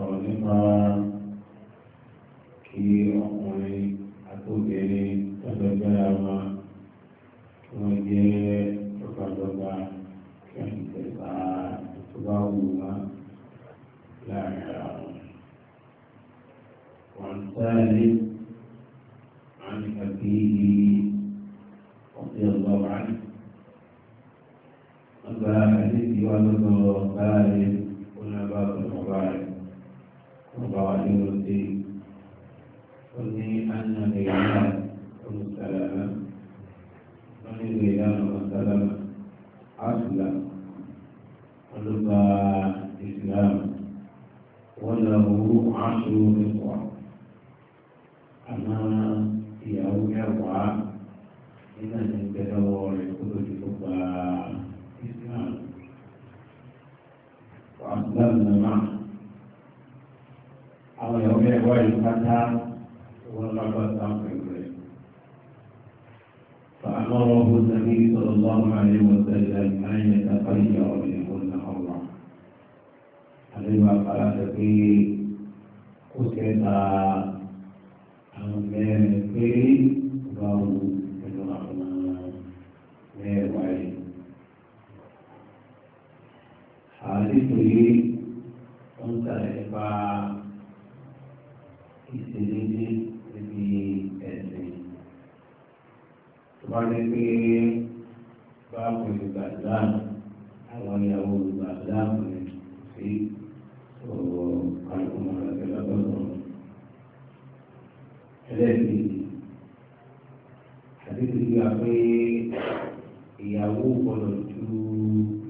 ọ̀rọ̀ nípa kí ọkùnrin àtòbìnrin tọ́jọ́gbẹ́ra wọn kí wọ́n jẹ́ dọ́gbadọ́gba kí wọ́n tẹ̀sà tó bá wù wọ́n láàrin ara wọn. wọ́n له عشر نسوة أما ìyàwó mẹ́wàá nínú ẹ̀jẹ̀ lọ́wọ́ rẹ̀ kó tó di gbogbo Islam. Wàhálà nàmá àwọn ìyàwó mẹ́wàá yìí pátá wọn lábá sáfẹ̀ rẹ̀. فأمره النبي صلى الله عليه وسلم أن يتخير aláṣẹ pé kó tẹ́ta àwọn mẹ́rin pé bá wù pẹ̀lú àwọn mẹ́wàá yìí. Àdìsí yìí wọ́n ń tà nípa ìṣèlédé níbi ẹ̀sìn. Tó bá dé pé bá pẹ̀lú gbàdúrà àwọn ìyàwó gbàdúrà pẹ̀lú sí. gbà pé ìyàwó gbọdọ̀ ju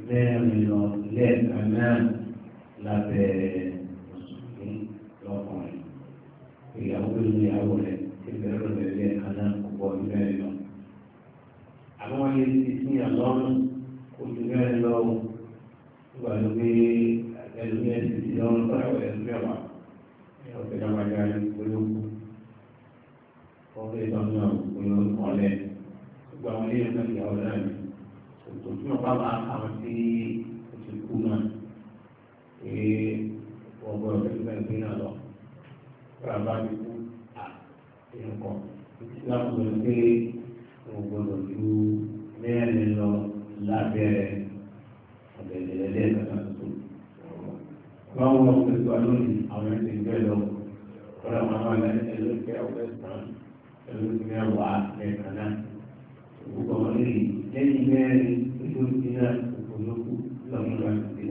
mẹ́rin lọ lẹ́ẹ̀kan náà lábẹ́ mùsùlùmí lọ́kùnrin ìyàwó ló ní ìyàwó rẹ̀ tí bẹ̀rẹ̀ rẹ̀ lẹ́ẹ̀kan náà kò bọ̀ ju mẹ́rin lọ. àwọn yẹn ti sin àlọ́nù kó ju mẹ́rin lọ nígbà tó gbé ẹlòmíràn ti sin lọ́nù kọ́ra ẹlòmíràn wà ọ̀sẹ̀ dáwàjá ẹni pé ó kú ọ̀sẹ̀ ìtọ́jú náà kò lọ́ọ́ kọ́lẹ́ gbogbo àwọn ilé ẹ̀ka ìyàwó náà ni kò tún ọ̀pá máa kàwọn sí oṣù kú náà ee ọgbọ́n ọ̀sẹ̀ tó bá ń gbé náà lọ kọ́ra bá mi kú à èèyàn kọ́ láti lọ ju mẹ́rin lọ lábẹ́rẹ́ ọ̀dẹ̀dẹ̀lẹ́lẹ́ ìgbàgbọ́ tuntun. báwo wọ́n ti sọ lónìí àwọn ẹ̀sìn bẹ́ẹ̀ lọ kọ́ra máa wà lẹ́yìn ẹlòmíkẹ́ ọ̀gbẹ́sán ẹlòmíkẹ́ wà lẹ́ẹ̀kan náà lè lẹ́yìn mẹ́rin tó ti náà òkòlókù lọ́mọdé àti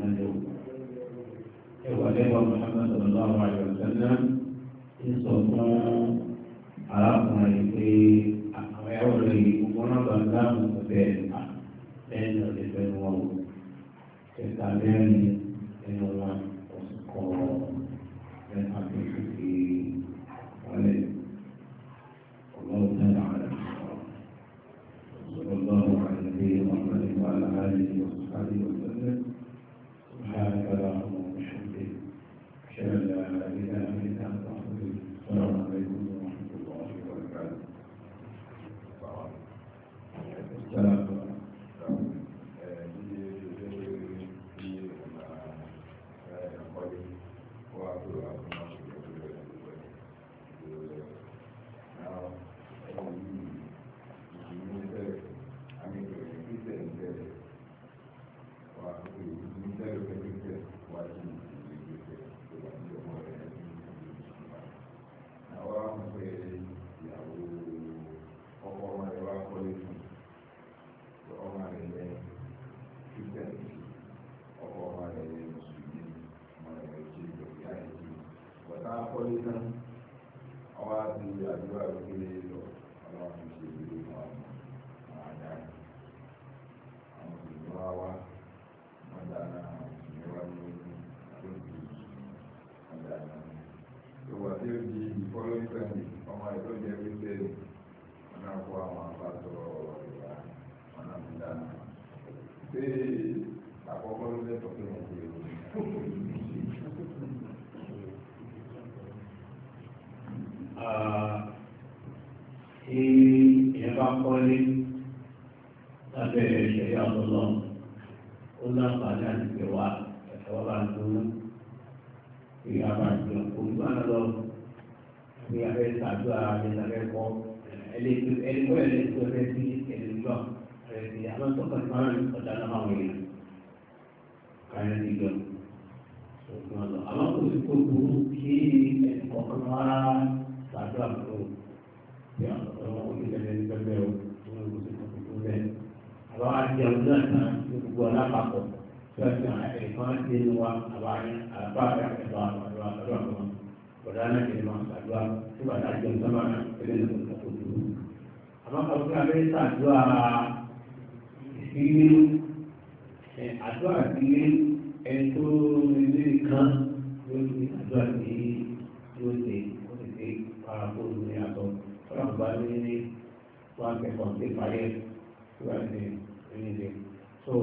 ẹwà lẹ́wà Muhammad tán àwọn àti àdúrà gbélé lọ àwọn àfihàn ìlú àwọn àdá àwọn ìlúwa wa Di dáná àwọn ìlúwa ní ogun tó ń di wọn dáná ìwà tí ó di ìfọlọ́sẹ̀mì ọmọ ìtọ́jẹ́ wípé wọn náà kó àwọn àbátọ ìwà wọn náà fi dáná. pé àkọ́kọ́ ló lẹ́tọ̀ọ́ pé wọ́n kú èrò kọ́lé lábẹ́ ìṣẹ̀yà ọlọ́run ó láǹfààní àti ìgbẹ̀wà ẹ̀fọ́ bá ń dúró ìyá bá ń dúró kò ní máa lọ ní abẹ́ ìtàjú ara ní abẹ́ kọ́ ẹlẹ́gbẹ́ ẹlẹ́gbẹ́ rẹ sí ẹlẹ́gbẹ́ rẹ sí àwọn tọ́kọ̀ ní máa ń ọ̀dà náà máa wọlé káyọ̀ ní ìjọ àwọn kò sí kó burú tí àwọn oníṣẹ̀lẹ̀ ní pẹ́pẹ́ o wọn ò sì tó tó bẹ́ẹ̀. àbá wa ti àwọn náà tán ní gbogbo alápapọ̀ tí wọ́n ti àwọn ẹ̀kan dé ní wa àbá àbá àgbà àdúrà àdúrà kan bọ̀dá náà kì í máa ṣàdúrà tí bàtà jẹ ìjọba náà tẹ́lẹ̀ ní kòtò tó dúró. àmọ́ kàwé abẹ́rẹ́ ṣàdúrà ìṣírí àdúrà bá ní ní wọn kẹ́kọ̀ọ́ ní parí ẹ̀ tí wọ́n ti ní so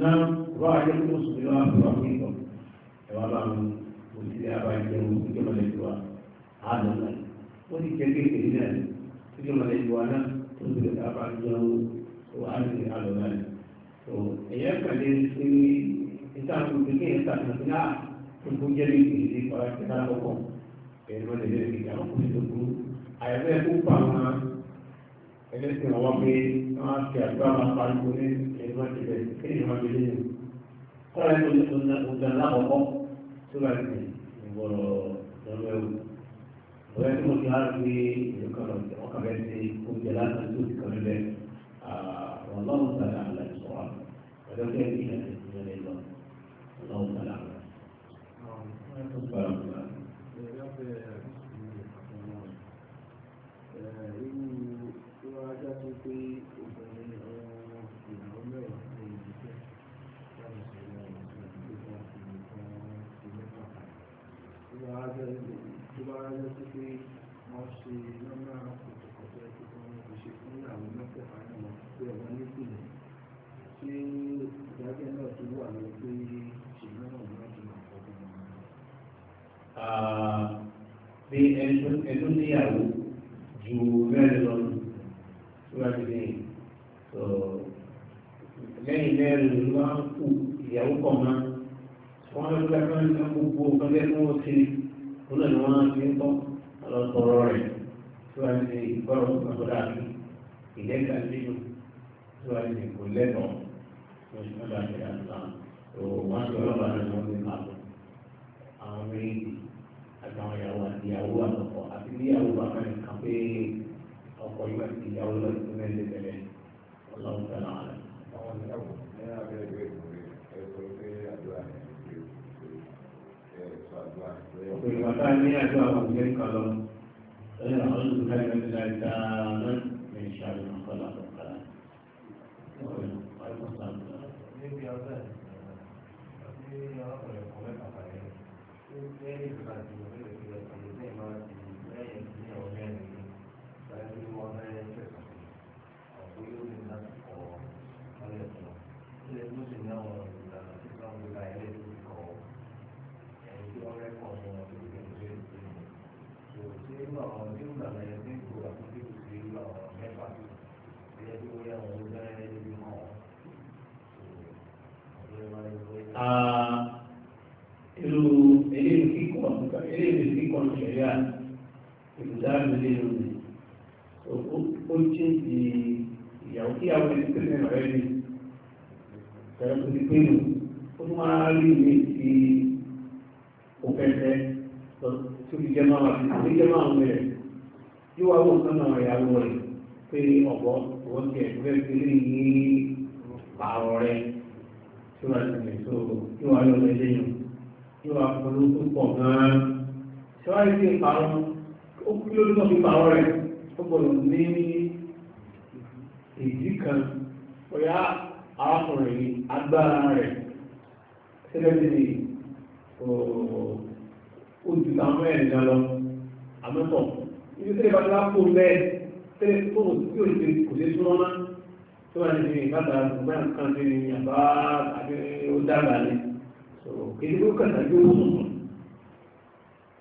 náà wọ́n á yẹ kó sùn ní wọn àbúrò àwọn ìtọ̀ ẹ̀ wọ́n bá ń kò sí abájẹ́ wọn kó jọmọ lẹ́yìn wa àánú náà wọ́n ti jẹ́ kékeré náà kó jọmọ lẹ́yìn wa náà tó ń bẹ̀rẹ̀ abájẹ́ wọn kó àánú àlọ́ náà. so ẹ̀yẹ kàdé sí ìtàkùn kékeré ìtàkùn náà tó kó jẹ́ kékeré kọ́ ẹ̀rọ lè lè fi àwọn kò àyẹ̀fẹ́ tó pa wọn ẹlẹ́sìn àwọn pé wọ́n á fi àdúrà máa pariwo ní ẹ̀yìn máa tẹ̀lé kéèyàn máa tẹ̀lé yìí kọ́lá ẹ̀kọ́ ní ọjà lákọ̀ọ́kọ́ tó bá ti ìgbọ̀rọ̀ lọ́wọ́ ẹ̀wù ọ̀rẹ́ tí mo ti á fi ọkàn rẹ̀ ṣe oúnjẹ lásán tó ti kàn lẹ́ ọlọ́run tàbí àlẹ́ sọ̀rọ̀ ọ̀dọ́ fẹ́ẹ́ kí ìrìn àjò ìrìn lọ pé ẹnu níyàwó ju mẹ́rin lọ síwájú lẹ́yìn tó lẹ́yìn mẹ́rin ló máa ń kú ìyàwó pọ̀ mọ́ wọ́n lọ sí akọ́ni ní gbogbo ọ̀gẹ́gẹ́ tí wọ́n ti wọ́n lọ ní wọ́n ti ń kọ́ ọlọ́tọ̀ọ̀rọ̀ rẹ̀ síwájú lẹ́yìn ìkọ́rọ̀ ọ̀gbọ̀dá mi ìlẹ́ka nínú síwájú kò lẹ́tọ̀ọ́ lọ́sí ọ̀dà ìyá náà tó wọ́n ti ọlọ́pàá náà wọ́n ti máa bọ̀ àwọn méjì àtàwọn ìyàwó àti ìyàwó àtọkọ àti níyàwó bàbá rẹ kan pé ọkọ yóò àti ìyàwó lọ sí mẹ́lẹ̀ tẹ́lẹ̀ ọlọ́run tẹ́lẹ̀ àwọn rẹ. àwọn ìyàwó ní abẹ́rẹ́ ìwé ìwé ẹ̀sọ́ pé àdúrà ní ìwé ẹ̀sọ́ àdúrà. òkè bàbá ní àdúrà kò jẹ́ kan lọ ẹ̀rọ àwọn olùkọ́ ìgbàlódé láì dáa いい感じ。ṣẹ̀yà ìdáàbò lè lò ní ó jẹ́ ti ìyàwó kí àwọn ẹni tẹ́lẹ̀ rẹ̀ ní ẹ̀rọ tó ti pé nù ó tún máa rí mi ti òfẹ́fẹ́ tó fi jẹ́ máa wà ní jẹ́ máa ń rẹ̀ yóò wọ́n kan náà ìyàwó rẹ̀ pé ọ̀bọ wọ́n ti ẹ̀kọ́ fẹ́ fi lè ní pààrọ̀ rẹ̀ tí wọ́n ti rìn tó yóò wá lọ́wọ́ ẹlẹ́yìn yóò wá polówó pọ̀ gan-an tí wọ́n rí sí ìparun ó kí ló lọ́ọ́ fi parun rẹ̀ ó gbọ́dọ̀ ní ìdí kan bóyá arákùnrin agbára rẹ̀ sílẹ̀ sí ojú àwọn ẹ̀dá lọ àmọ́tọ̀ ibi tí ìbára lápò bẹ́ẹ̀ tẹ́lẹ̀ tó tí ò ṣe kò ṣe súnmọ́ náà tó wà ní ìbáta ìgbà kan ní àbá àti ó dàgbà ní kéde ó kàtàkì ó sùn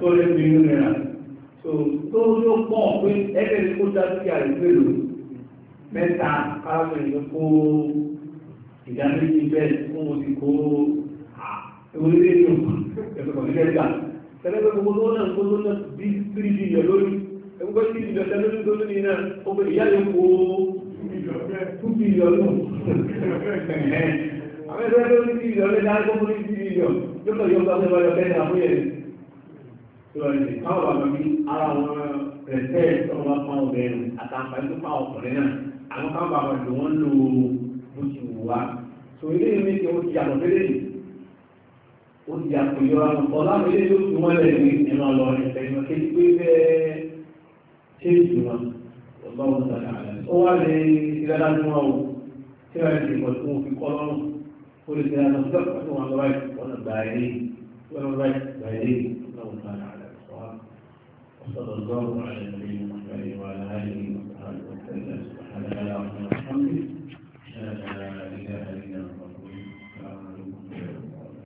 tó lé ní inú náírà tó tó yóò pọ̀ pé ẹgbẹ́ ní kó dásíkà ìgbèrò mẹ́ta káwọn èèyàn kó ìdá méjì bẹ́ẹ̀ fún oṣù kó orílẹ̀ èdè ẹ̀fẹ̀ kọ̀ọ̀lẹ́ gbà tẹ́lẹ́gbẹ́ gbogbo tó náà gbogbo náà bí tírí bí ìyọ̀ lórí ẹgbẹ́ tí ìjọ tẹ́lẹ́gbẹ́ tó ní náà ó pè ìyá yóò kó tún bí ìyọ̀ lọ àwọn ẹgbẹ́ tó ní bí ìyọ̀ lẹ́dá gbogbo ní bí ìyọ̀ yóò lọ yọ ìrọ̀lẹ̀ káwọn àgbà bí ara wọn rẹ̀tẹ́ ìtọ́wọ́ pa obìnrin àtàǹfààní tó pa ọkùnrin náà àwọn káwọn bàbá jù wọ́n lò ó bó ti wù wá. sọ ilé yìí méjì ó ti yàtọ̀ fẹ́lẹ́ yìí ó ti yàtọ̀ yọ àwọn ọ̀pọ̀ láwọn ilé yóò fi wọ́n lẹ̀ ní ẹ̀rọ lọ ẹ̀fẹ̀ ìmọ̀ kéjì pé bẹ́ẹ̀ ṣé ìjùmọ̀ ọ̀gbọ́n wọn sọ̀rọ̀ ó wá lè ìrẹ́lá ní wọn o tí wọ́n ti pọ̀ tó fi kọ́ lọ́rùn ó lè ṣe àtọ̀ وصلى الله على نبينا محمد وعلى اله وصحبه وسلم سبحانك اللهم وبحمدك